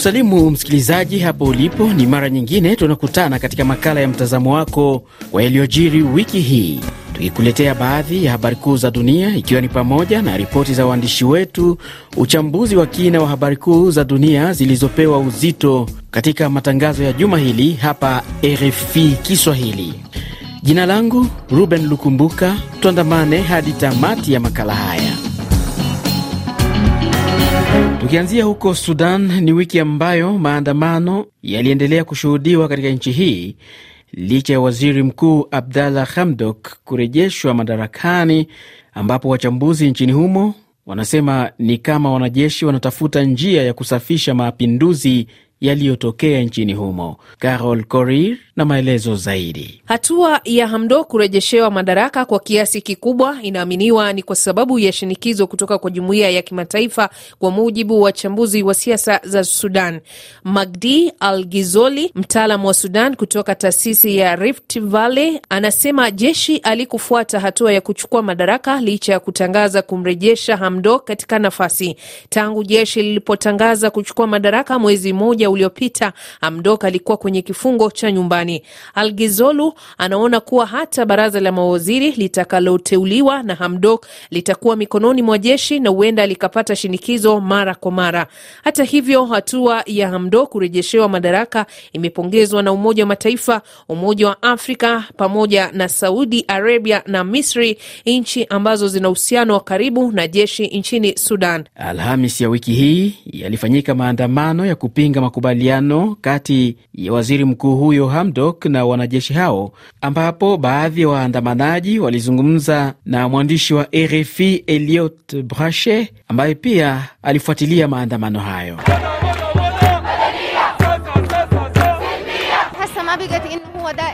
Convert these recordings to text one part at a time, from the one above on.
kusalimu msikilizaji hapo ulipo, ni mara nyingine tunakutana katika makala ya mtazamo wako kwa yaliyojiri wiki hii, tukikuletea baadhi ya habari kuu za dunia, ikiwa ni pamoja na ripoti za waandishi wetu, uchambuzi wa kina wa habari kuu za dunia zilizopewa uzito katika matangazo ya juma hili hapa RFI Kiswahili. Jina langu Ruben Lukumbuka, tuandamane hadi tamati ya makala haya. Tukianzia huko Sudan, ni wiki ambayo maandamano yaliendelea kushuhudiwa katika nchi hii licha ya waziri mkuu Abdalla Hamdok kurejeshwa madarakani, ambapo wachambuzi nchini humo wanasema ni kama wanajeshi wanatafuta njia ya kusafisha mapinduzi yaliyotokea nchini humo. Carol Korir na maelezo zaidi. Hatua ya Hamdo kurejeshewa madaraka kwa kiasi kikubwa inaaminiwa ni kwa sababu ya shinikizo kutoka kwa jumuiya ya kimataifa, kwa mujibu wa wachambuzi wa siasa za Sudan. Magdi Al Gizoli, mtaalam wa Sudan kutoka taasisi ya Rift Valley, anasema jeshi alikufuata hatua ya kuchukua madaraka licha ya kutangaza kumrejesha Hamdo katika nafasi. Tangu jeshi lilipotangaza kuchukua madaraka mwezi mmoja uliopita, Hamdok alikuwa kwenye kifungo cha nyumbani. Marekani. Algizolu anaona kuwa hata baraza la mawaziri litakaloteuliwa na Hamdok litakuwa mikononi mwa jeshi na huenda likapata shinikizo mara kwa mara. Hata hivyo, hatua ya Hamdok kurejeshewa madaraka imepongezwa na Umoja wa Mataifa, Umoja wa Afrika pamoja na Saudi Arabia na Misri, nchi ambazo zina uhusiano wa karibu na jeshi nchini Sudan. Alhamis ya wiki hii yalifanyika maandamano ya kupinga makubaliano kati ya waziri mkuu huyo Hamdok Dodok na wanajeshi hao, ambapo baadhi ya wa waandamanaji walizungumza na mwandishi wa RFI Eliot Brache ambaye pia alifuatilia maandamano hayo.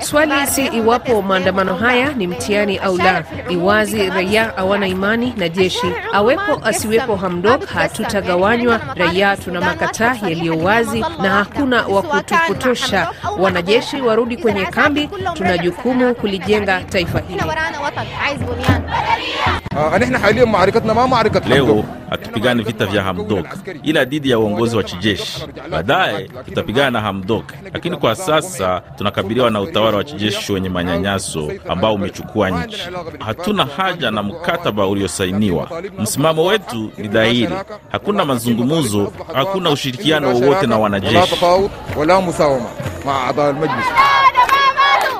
Swali si iwapo maandamano haya ni mtihani au la, iwazi raia hawana imani na jeshi. Awepo asiwepo Hamdok, hatutagawanywa. Raia tuna makataa yaliyo wazi na hakuna wa kutupotosha. Wanajeshi warudi kwenye kambi, tuna jukumu kulijenga taifa hili. Ah, Leo hatupigani vita vya Hamdok ila dhidi ya uongozi wa kijeshi. Baadaye tutapigana na Hamdok, lakini kwa sasa tunakabiliwa na utawala wa kijeshi wenye manyanyaso ambao umechukua nchi. Hatuna haja na mkataba uliosainiwa. Msimamo wetu ni dhahiri: hakuna mazungumzo, hakuna ushirikiano wowote na wanajeshi.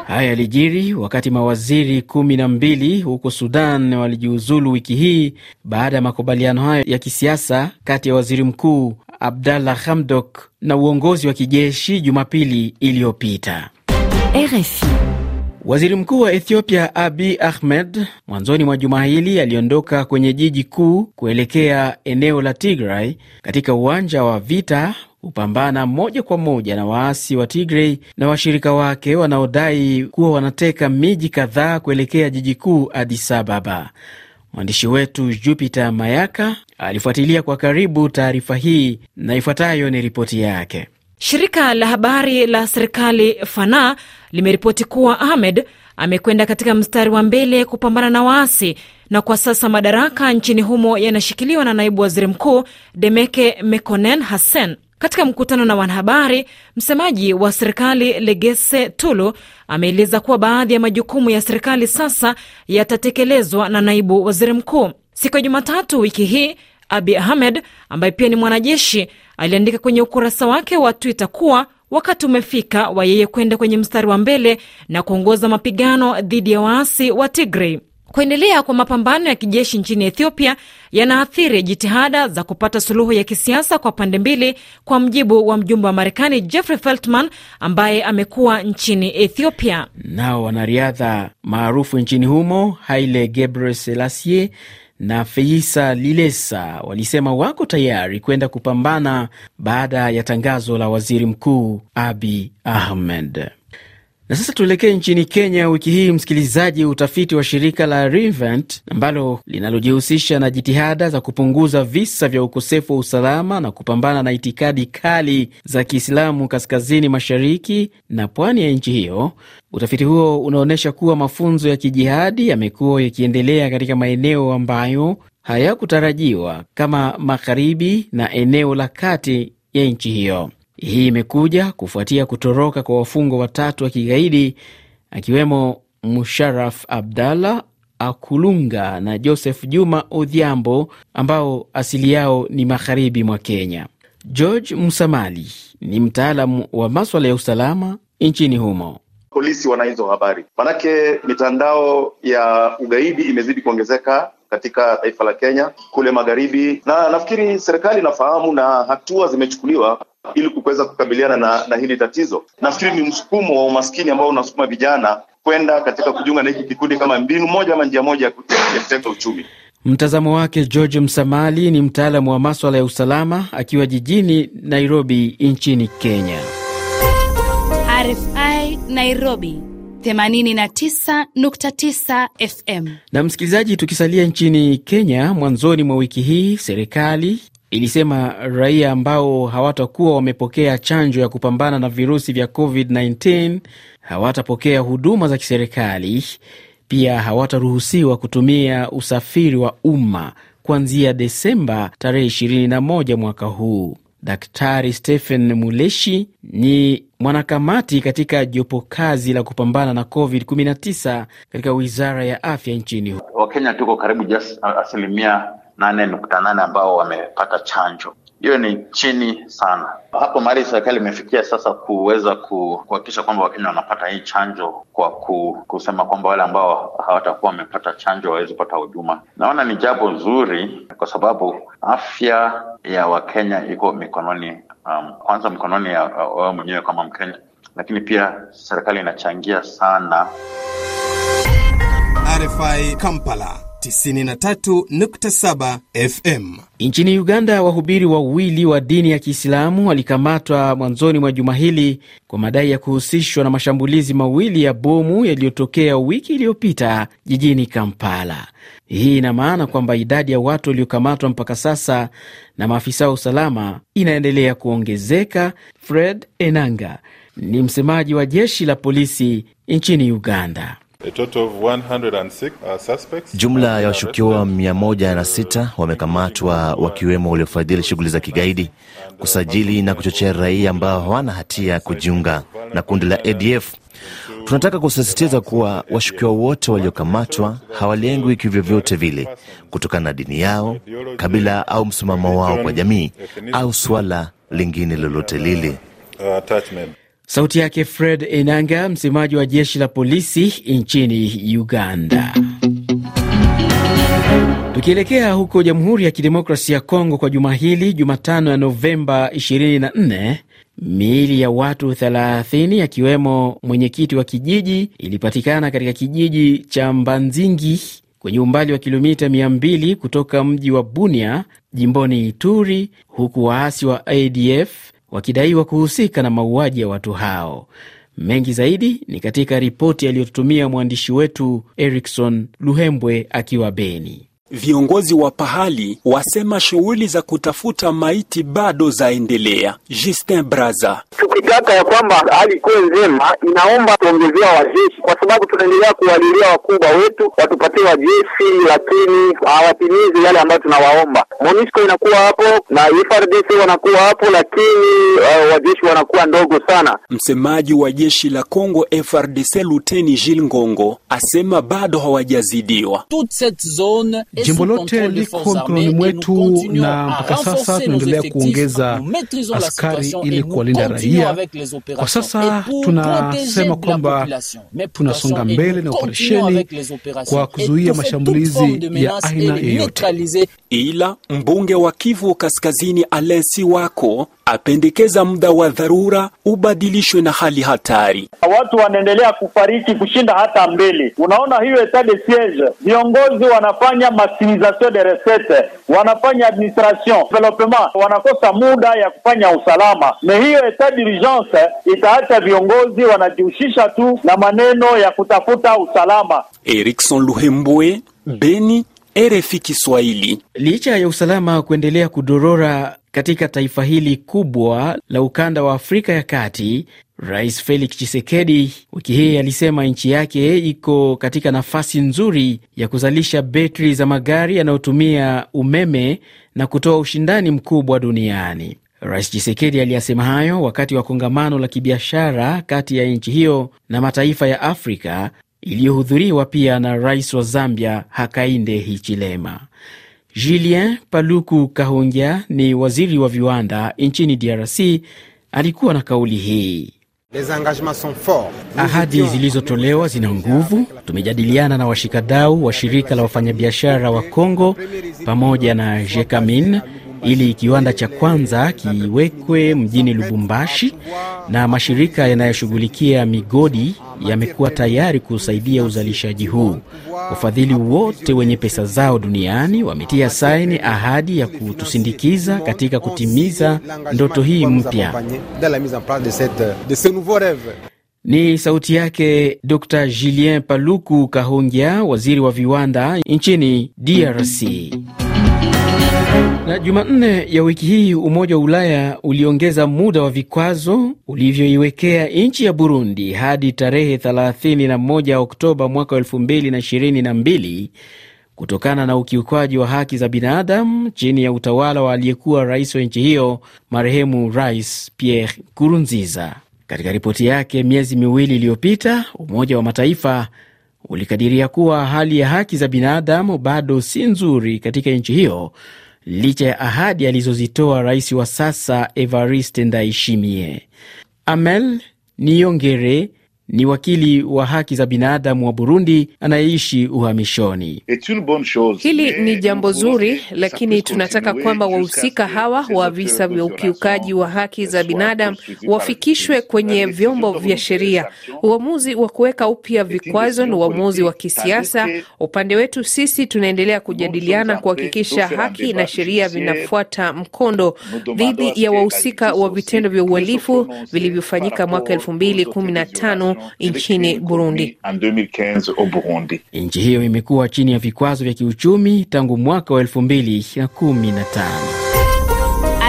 Haya yalijiri wakati mawaziri kumi na mbili huko Sudan walijiuzulu wiki hii baada ya makubaliano hayo ya kisiasa kati ya waziri mkuu Abdallah Hamdok na uongozi wa kijeshi Jumapili iliyopita. RFI. Waziri mkuu wa Ethiopia abi Ahmed mwanzoni mwa juma hili aliondoka kwenye jiji kuu kuelekea eneo la Tigray katika uwanja wa vita hupambana moja kwa moja na waasi wa tigrey na washirika wake wanaodai kuwa wanateka miji kadhaa kuelekea jiji kuu Addis Ababa. Mwandishi wetu Jupiter Mayaka alifuatilia kwa karibu taarifa hii na ifuatayo ni ripoti yake. Shirika la habari la serikali Fana limeripoti kuwa Ahmed amekwenda katika mstari wa mbele kupambana na waasi na kwa sasa madaraka nchini humo yanashikiliwa na naibu waziri mkuu Demeke Mekonnen Hassen. Katika mkutano na wanahabari, msemaji wa serikali legese Tulu ameeleza kuwa baadhi ya majukumu ya serikali sasa yatatekelezwa na naibu waziri mkuu. Siku ya Jumatatu wiki hii, Abi Ahmed ambaye pia ni mwanajeshi aliandika kwenye ukurasa wake wa Twitter kuwa wakati umefika wa yeye kwenda kwenye mstari wa mbele na kuongoza mapigano dhidi ya waasi wa Tigray. Kuendelea kwa mapambano ya kijeshi nchini Ethiopia yanaathiri jitihada za kupata suluhu ya kisiasa kwa pande mbili, kwa mjibu wa mjumbe wa Marekani Jeffrey Feltman ambaye amekuwa nchini Ethiopia. Nao wanariadha maarufu nchini humo Haile gebreselasie na Feisa Lilesa walisema wako tayari kwenda kupambana baada ya tangazo la waziri mkuu Abi Ahmed. Na sasa tuelekee nchini Kenya wiki hii, msikilizaji. Utafiti wa shirika la Reinvent ambalo linalojihusisha na jitihada za kupunguza visa vya ukosefu wa usalama na kupambana na itikadi kali za Kiislamu kaskazini mashariki na pwani ya nchi hiyo. Utafiti huo unaonyesha kuwa mafunzo ya kijihadi yamekuwa yakiendelea katika maeneo ambayo hayakutarajiwa kama magharibi na eneo la kati ya nchi hiyo. Hii imekuja kufuatia kutoroka kwa wafungwa watatu wa kigaidi akiwemo Musharaf Abdallah Akulunga na Joseph Juma Odhiambo ambao asili yao ni magharibi mwa Kenya. George Musamali ni mtaalamu wa maswala ya usalama nchini humo. Polisi wana hizo habari, manake mitandao ya ugaidi imezidi kuongezeka katika taifa la Kenya kule magharibi, na nafikiri serikali inafahamu na hatua zimechukuliwa ili kuweza kukabiliana na, na hili tatizo. Nafikiri ni msukumo wa umaskini ambao unasukuma vijana kwenda katika kujiunga na hiki kikundi kama mbinu moja ama njia moja ya kutetea uchumi. Mtazamo wake George Msamali ni mtaalamu wa maswala ya usalama akiwa jijini Nairobi nchini Kenya. RFI Nairobi 89.9 FM. Na msikilizaji, tukisalia nchini Kenya, mwanzoni mwa wiki hii serikali ilisema raia ambao hawatakuwa wamepokea chanjo ya kupambana na virusi vya COVID-19 hawatapokea huduma za kiserikali. Pia hawataruhusiwa kutumia usafiri wa umma kuanzia Desemba tarehe 21 mwaka huu. Daktari Stephen Muleshi ni mwanakamati katika jopo kazi la kupambana na COVID-19 katika wizara ya afya nchini. Wakenya tuko karibu just asilimia nane nukta nane ambao wamepata chanjo. Hiyo ni chini sana hapo mahali serikali imefikia sasa kuweza kuhakikisha kwamba Wakenya wanapata hii chanjo kwa ku, kusema kwamba wale ambao hawatakuwa wamepata chanjo wawezi kupata huduma. Naona ni jambo zuri kwa sababu afya ya Wakenya iko mikononi, um, kwanza mikononi ya wewe mwenyewe kama Mkenya, lakini pia serikali inachangia sana. RFI Kampala 93.7 FM. Nchini Uganda, wahubiri wawili wa dini ya Kiislamu walikamatwa mwanzoni mwa juma hili kwa madai ya kuhusishwa na mashambulizi mawili ya bomu yaliyotokea wiki iliyopita jijini Kampala. Hii ina maana kwamba idadi ya watu waliokamatwa mpaka sasa na maafisa wa usalama inaendelea kuongezeka. Fred Enanga ni msemaji wa jeshi la polisi nchini Uganda. A total of 106 are suspects. Jumla ya washukiwa 106 wamekamatwa wakiwemo waliofadhili shughuli za kigaidi, kusajili na kuchochea raia ambao hawana hatia kujiunga na kundi la ADF. Tunataka kusisitiza kuwa washukiwa wote waliokamatwa hawalengwi kivyovyote vile kutokana na dini yao, kabila au msimamo wao kwa jamii au suala lingine lolote lile. Sauti yake Fred Enanga, msemaji wa jeshi la polisi nchini Uganda. Tukielekea huko Jamhuri ya Kidemokrasia ya Kongo kwa juma hili, Jumatano ya Novemba 24, miili ya watu 30 akiwemo mwenyekiti wa kijiji ilipatikana katika kijiji cha Mbanzingi kwenye umbali wa kilomita 200 kutoka mji wa Bunia jimboni Ituri, huku waasi wa ADF wakidaiwa kuhusika na mauaji ya watu hao. Mengi zaidi ni katika ripoti aliyotutumia mwandishi wetu Erikson Luhembwe akiwa Beni. Viongozi wa pahali wasema shughuli za kutafuta maiti bado zaendelea. Justin Braza: tukitaka ya kwamba hali kuwe njema, inaomba kuongezewa wajeshi, kwa sababu tunaendelea kuwalilia wakubwa wetu watupatie wajeshi, lakini hawatimizi yale ambayo tunawaomba. MONUSCO inakuwa hapo na FARDC wanakuwa hapo, lakini uh, wajeshi wanakuwa ndogo sana. Msemaji wa jeshi la Kongo FARDC Luteni jil Ngongo asema bado hawajazidiwa Jimbo lote liko mikononi mwetu, na mpaka sasa tunaendelea kuongeza askari ili kuwalinda raia. Kwa sasa tunasema kwamba tunasonga mbele na operesheni kwa kuzuia mashambulizi ya aina yoyote. Ila mbunge wa Kivu Kaskazini Alesi Wako apendekeza muda wa dharura ubadilishwe na hali hatari. Watu wanaendelea kufariki kushinda hata mbele. Unaona hiyo etat de siege, viongozi wanafanya maximisation de recette, wanafanya administration development, wanakosa muda ya kufanya usalama. Na hiyo etat d'urgence itaacha viongozi wanajihusisha tu na maneno ya kutafuta usalama. Erikson Luhembwe, Beni. RFI Kiswahili. Licha ya usalama kuendelea kudorora katika taifa hili kubwa la ukanda wa Afrika ya Kati, Rais Felix Tshisekedi wiki hii alisema nchi yake iko katika nafasi nzuri ya kuzalisha betri za magari yanayotumia umeme na kutoa ushindani mkubwa duniani. Rais chisekedi aliyasema hayo wakati wa kongamano la kibiashara kati ya nchi hiyo na mataifa ya Afrika iliyohudhuriwa pia na rais wa Zambia Hakainde Hichilema. Julien Paluku kahungia ni waziri wa viwanda nchini DRC, alikuwa na kauli hii: ahadi zilizotolewa zina nguvu. Tumejadiliana na washikadau wa shirika la wafanyabiashara wa Kongo pamoja na Jekamin ili kiwanda cha kwanza kiwekwe mjini Lubumbashi na mashirika yanayoshughulikia migodi yamekuwa tayari kusaidia uzalishaji huu. Wafadhili wote wenye pesa zao duniani wametia saini ahadi ya kutusindikiza katika kutimiza ndoto hii mpya. Ni sauti yake Dr Julien Paluku Kahongya, waziri wa viwanda nchini DRC. Na Jumanne ya wiki hii Umoja wa Ulaya uliongeza muda wa vikwazo ulivyoiwekea nchi ya Burundi hadi tarehe 31 Oktoba mwaka 2022 kutokana na ukiukwaji wa haki za binadamu chini ya utawala wa aliyekuwa rais wa nchi hiyo marehemu Rais Pierre Nkurunziza. Katika ripoti yake miezi miwili iliyopita, Umoja wa Mataifa ulikadiria kuwa hali ya haki za binadamu bado si nzuri katika nchi hiyo licha ya ahadi alizozitoa rais wa sasa Evariste Ndayishimiye. Amel Niyongere ni wakili wa haki za binadamu wa Burundi anayeishi uhamishoni. Hili ni jambo zuri, lakini tunataka kwamba wahusika hawa wa visa vya ukiukaji wa haki za binadamu wafikishwe kwenye vyombo vya sheria. Uamuzi wa kuweka upya vikwazo ni uamuzi wa kisiasa. Upande wetu sisi tunaendelea kujadiliana kuhakikisha haki na sheria vinafuata mkondo dhidi ya wahusika wa vitendo vya uhalifu vilivyofanyika mwaka elfu mbili kumi na tano nchini Burundi. Nchi hiyo imekuwa chini ya vikwazo vya kiuchumi tangu mwaka wa elfu mbili na kumi na tano.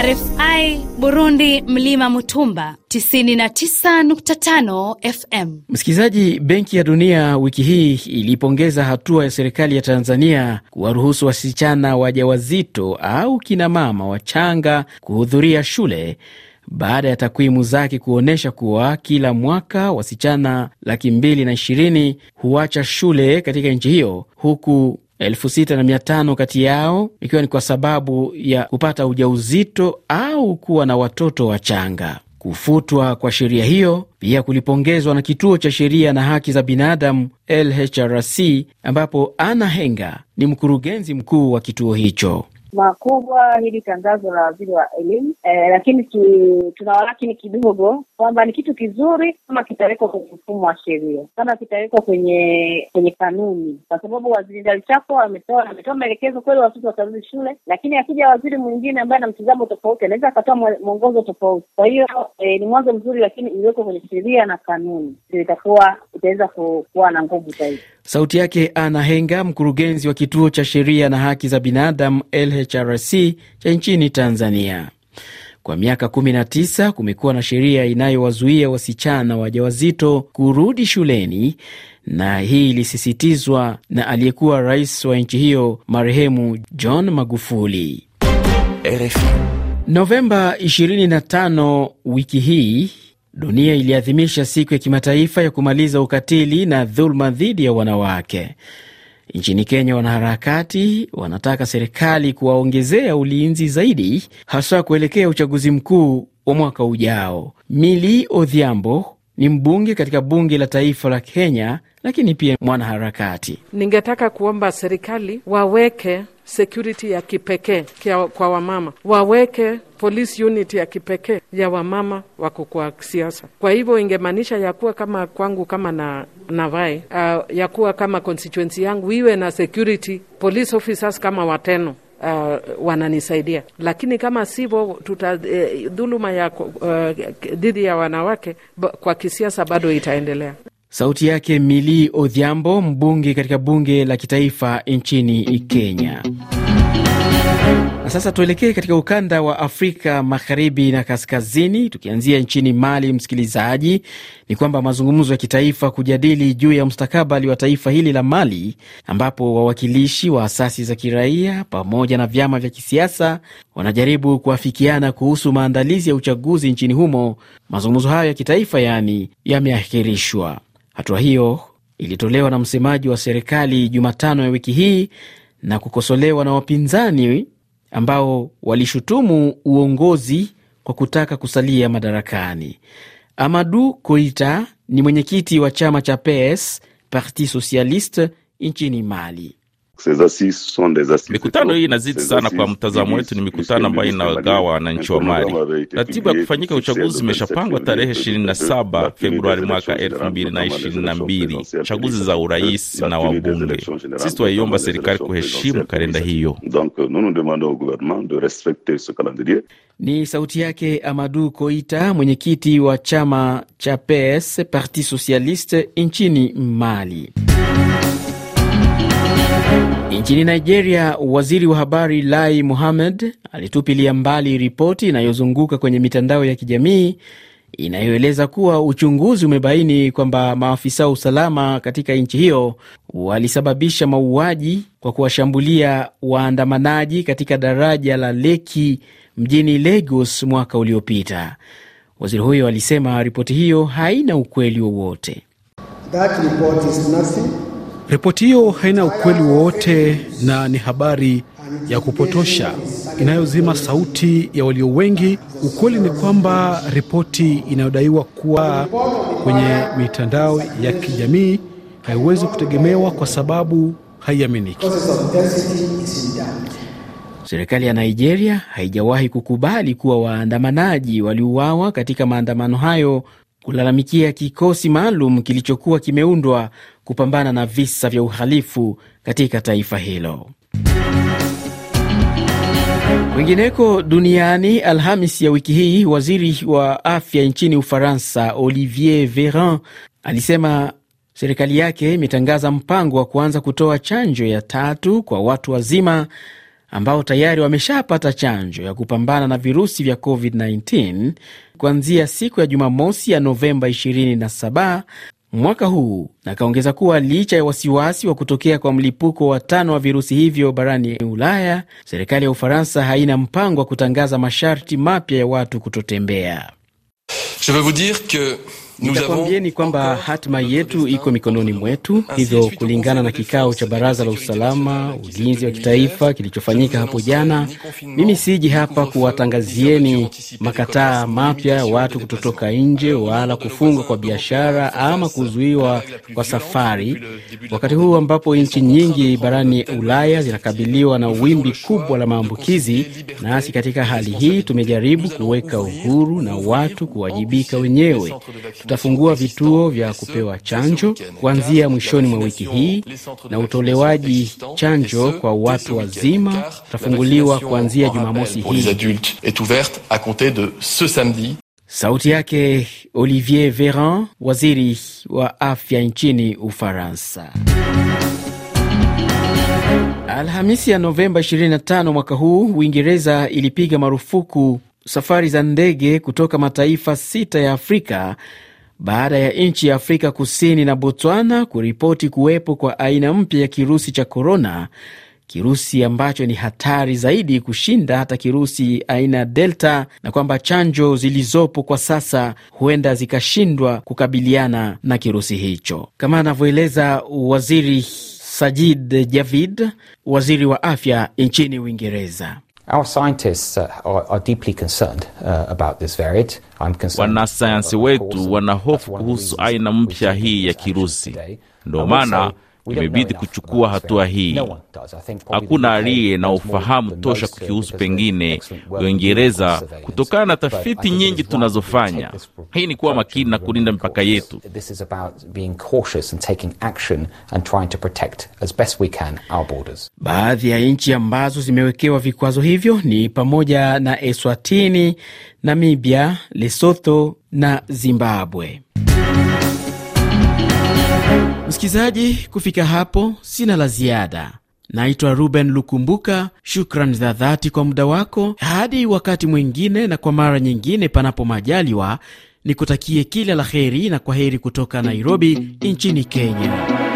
RFI Burundi, Mlima Mutumba 99.5 FM. Msikilizaji, Benki ya Dunia wiki hii ilipongeza hatua ya serikali ya Tanzania kuwaruhusu wasichana wajawazito au kinamama wachanga kuhudhuria shule baada ya takwimu zake kuonyesha kuwa kila mwaka wasichana laki mbili na ishirini huacha shule katika nchi hiyo huku elfu sita na mia tano kati yao ikiwa ni kwa sababu ya kupata ujauzito au kuwa na watoto wachanga. Kufutwa kwa sheria hiyo pia kulipongezwa na kituo cha sheria na haki za binadamu LHRC, ambapo ana Henga ni mkurugenzi mkuu wa kituo hicho makubwa hili tangazo la waziri wa elimu e, lakini tu, tunawalaki ni kidogo kwamba ni kitu kizuri kama kitawekwa kwenye mfumo wa sheria, kama kitawekwa kwenye kwenye kanuni, kwa sababu waziri Ndalichako ametoa ametoa maelekezo kweli, watoto watarudi shule, lakini akija waziri mwingine ambaye ana mtizamo tofauti, anaweza akatoa mwongozo tofauti. Kwa hiyo e, ni mwanzo mzuri, lakini iliwekwa kwenye sheria na kanuni, itakuwa itaweza kuwa na nguvu zaidi. Sauti yake Ana Henga, mkurugenzi wa kituo cha sheria na haki za binadamu LH THRC cha nchini Tanzania. Kwa miaka 19 kumekuwa na sheria inayowazuia wasichana wajawazito kurudi shuleni, na hii ilisisitizwa na aliyekuwa rais wa nchi hiyo marehemu John Magufuli. Novemba 25 wiki hii dunia iliadhimisha siku ya kimataifa ya kumaliza ukatili na dhuluma dhidi ya wanawake. Nchini Kenya, wanaharakati wanataka serikali kuwaongezea ulinzi zaidi, haswa kuelekea uchaguzi mkuu wa mwaka ujao. Mili Odhiambo ni mbunge katika bunge la taifa la Kenya, lakini pia mwanaharakati. Ningetaka kuomba serikali waweke security ya kipekee kwa wamama, waweke police unit ya kipekee ya wamama wako kwa siasa. Kwa hivyo ingemaanisha ya kuwa kama kwangu kama na navae uh, ya kuwa kama constituency yangu iwe na security police officers kama watano uh, wananisaidia, lakini kama sivyo tuta uh, dhuluma ya uh, dhidi ya wanawake kwa kisiasa bado itaendelea. Sauti yake Mili Odhiambo, mbunge katika bunge la kitaifa nchini Kenya. Na sasa tuelekee katika ukanda wa Afrika magharibi na kaskazini, tukianzia nchini Mali. Msikilizaji, ni kwamba mazungumzo ya kitaifa kujadili juu ya mustakabali wa taifa hili la Mali, ambapo wawakilishi wa asasi za kiraia pamoja na vyama vya kisiasa wanajaribu kuafikiana kuhusu maandalizi ya uchaguzi nchini humo. Mazungumzo hayo ya kitaifa yani yameahirishwa. Hatua hiyo ilitolewa na msemaji wa serikali Jumatano ya wiki hii na kukosolewa na wapinzani ambao walishutumu uongozi kwa kutaka kusalia madarakani. Amadu Koita ni mwenyekiti wa chama cha PS Parti Socialiste nchini Mali. Mikutano hii inazidi sana. Kwa mtazamo wetu, ni mikutano ambayo inagawa wananchi wa Mali. Ratiba ya kufanyika uchaguzi imeshapangwa tarehe 27 Februari mwaka 2022, chaguzi za urais na wabunge. Sisi twaiomba serikali kuheshimu kalenda hiyo. Ni sauti yake Amadu Koita, mwenyekiti wa chama cha PS, Parti Socialiste, nchini Mali. Nchini Nigeria, waziri wa habari Lai Mohammed alitupilia mbali ripoti inayozunguka kwenye mitandao ya kijamii inayoeleza kuwa uchunguzi umebaini kwamba maafisa wa usalama katika nchi hiyo walisababisha mauaji kwa kuwashambulia waandamanaji katika daraja la Lekki mjini Lagos mwaka uliopita. Waziri huyo alisema ripoti hiyo haina ukweli wowote. Ripoti hiyo haina ukweli wowote na ni habari ya kupotosha inayozima sauti ya walio wengi. Ukweli ni kwamba ripoti inayodaiwa kuwa kwenye mitandao ya kijamii haiwezi kutegemewa kwa sababu haiaminiki. Serikali ya Nigeria haijawahi kukubali kuwa waandamanaji waliuawa katika maandamano hayo kulalamikia kikosi maalum kilichokuwa kimeundwa kupambana na visa vya uhalifu katika taifa hilo. Kwingineko duniani, Alhamis ya wiki hii, waziri wa afya nchini Ufaransa Olivier Veran alisema serikali yake imetangaza mpango wa kuanza kutoa chanjo ya tatu kwa watu wazima ambao tayari wameshapata chanjo ya kupambana na virusi vya COVID-19 kuanzia siku ya Jumamosi ya Novemba 27 mwaka huu, na akaongeza kuwa licha ya wasiwasi wa kutokea kwa mlipuko wa tano wa virusi hivyo barani Ulaya, serikali ya Ufaransa haina mpango wa kutangaza masharti mapya ya watu kutotembea. Je vous dire que ni kwamba hatima yetu iko mikononi mwetu. Hivyo, kulingana na kikao cha Baraza la Usalama Ulinzi wa Kitaifa kilichofanyika hapo jana, mimi siji hapa kuwatangazieni makataa mapya watu kutotoka nje wala kufungwa kwa biashara ama kuzuiwa kwa safari, wakati huu ambapo nchi nyingi barani Ulaya zinakabiliwa na wimbi kubwa la maambukizi. Nasi katika hali hii tumejaribu kuweka uhuru na watu kuwajibika wenyewe. Tutafungua vituo vya kupewa chanjo kuanzia mwishoni mwa wiki hii, na utolewaji chanjo kwa watu wazima utafunguliwa kuanzia Jumamosi hii. Sauti yake Olivier Veran, waziri wa afya nchini Ufaransa. Alhamisi ya Novemba 25 mwaka huu, Uingereza ilipiga marufuku safari za ndege kutoka mataifa sita ya Afrika baada ya nchi ya Afrika Kusini na Botswana kuripoti kuwepo kwa aina mpya ya kirusi cha korona, kirusi ambacho ni hatari zaidi kushinda hata kirusi aina Delta, na kwamba chanjo zilizopo kwa sasa huenda zikashindwa kukabiliana na kirusi hicho, kama anavyoeleza Waziri Sajid Javid, waziri wa afya nchini Uingereza. Uh, uh, wanasayansi wetu wanahofu kuhusu aina mpya hii ya kirusi ndio maana imebidi kuchukua hatua hii. Hakuna aliye na ufahamu tosha kukihusu, pengine Uingereza, kutokana na tafiti nyingi tunazofanya. Hii ni kuwa makini na kulinda mipaka yetu. Baadhi ya nchi ambazo zimewekewa vikwazo hivyo ni pamoja na Eswatini, Namibia, Lesotho na Zimbabwe. Msikilizaji, kufika hapo sina la ziada. Naitwa Ruben Lukumbuka. Shukran za dhati kwa muda wako. Hadi wakati mwingine, na kwa mara nyingine, panapo majaliwa, nikutakie kila la heri na kwa heri kutoka Nairobi nchini Kenya.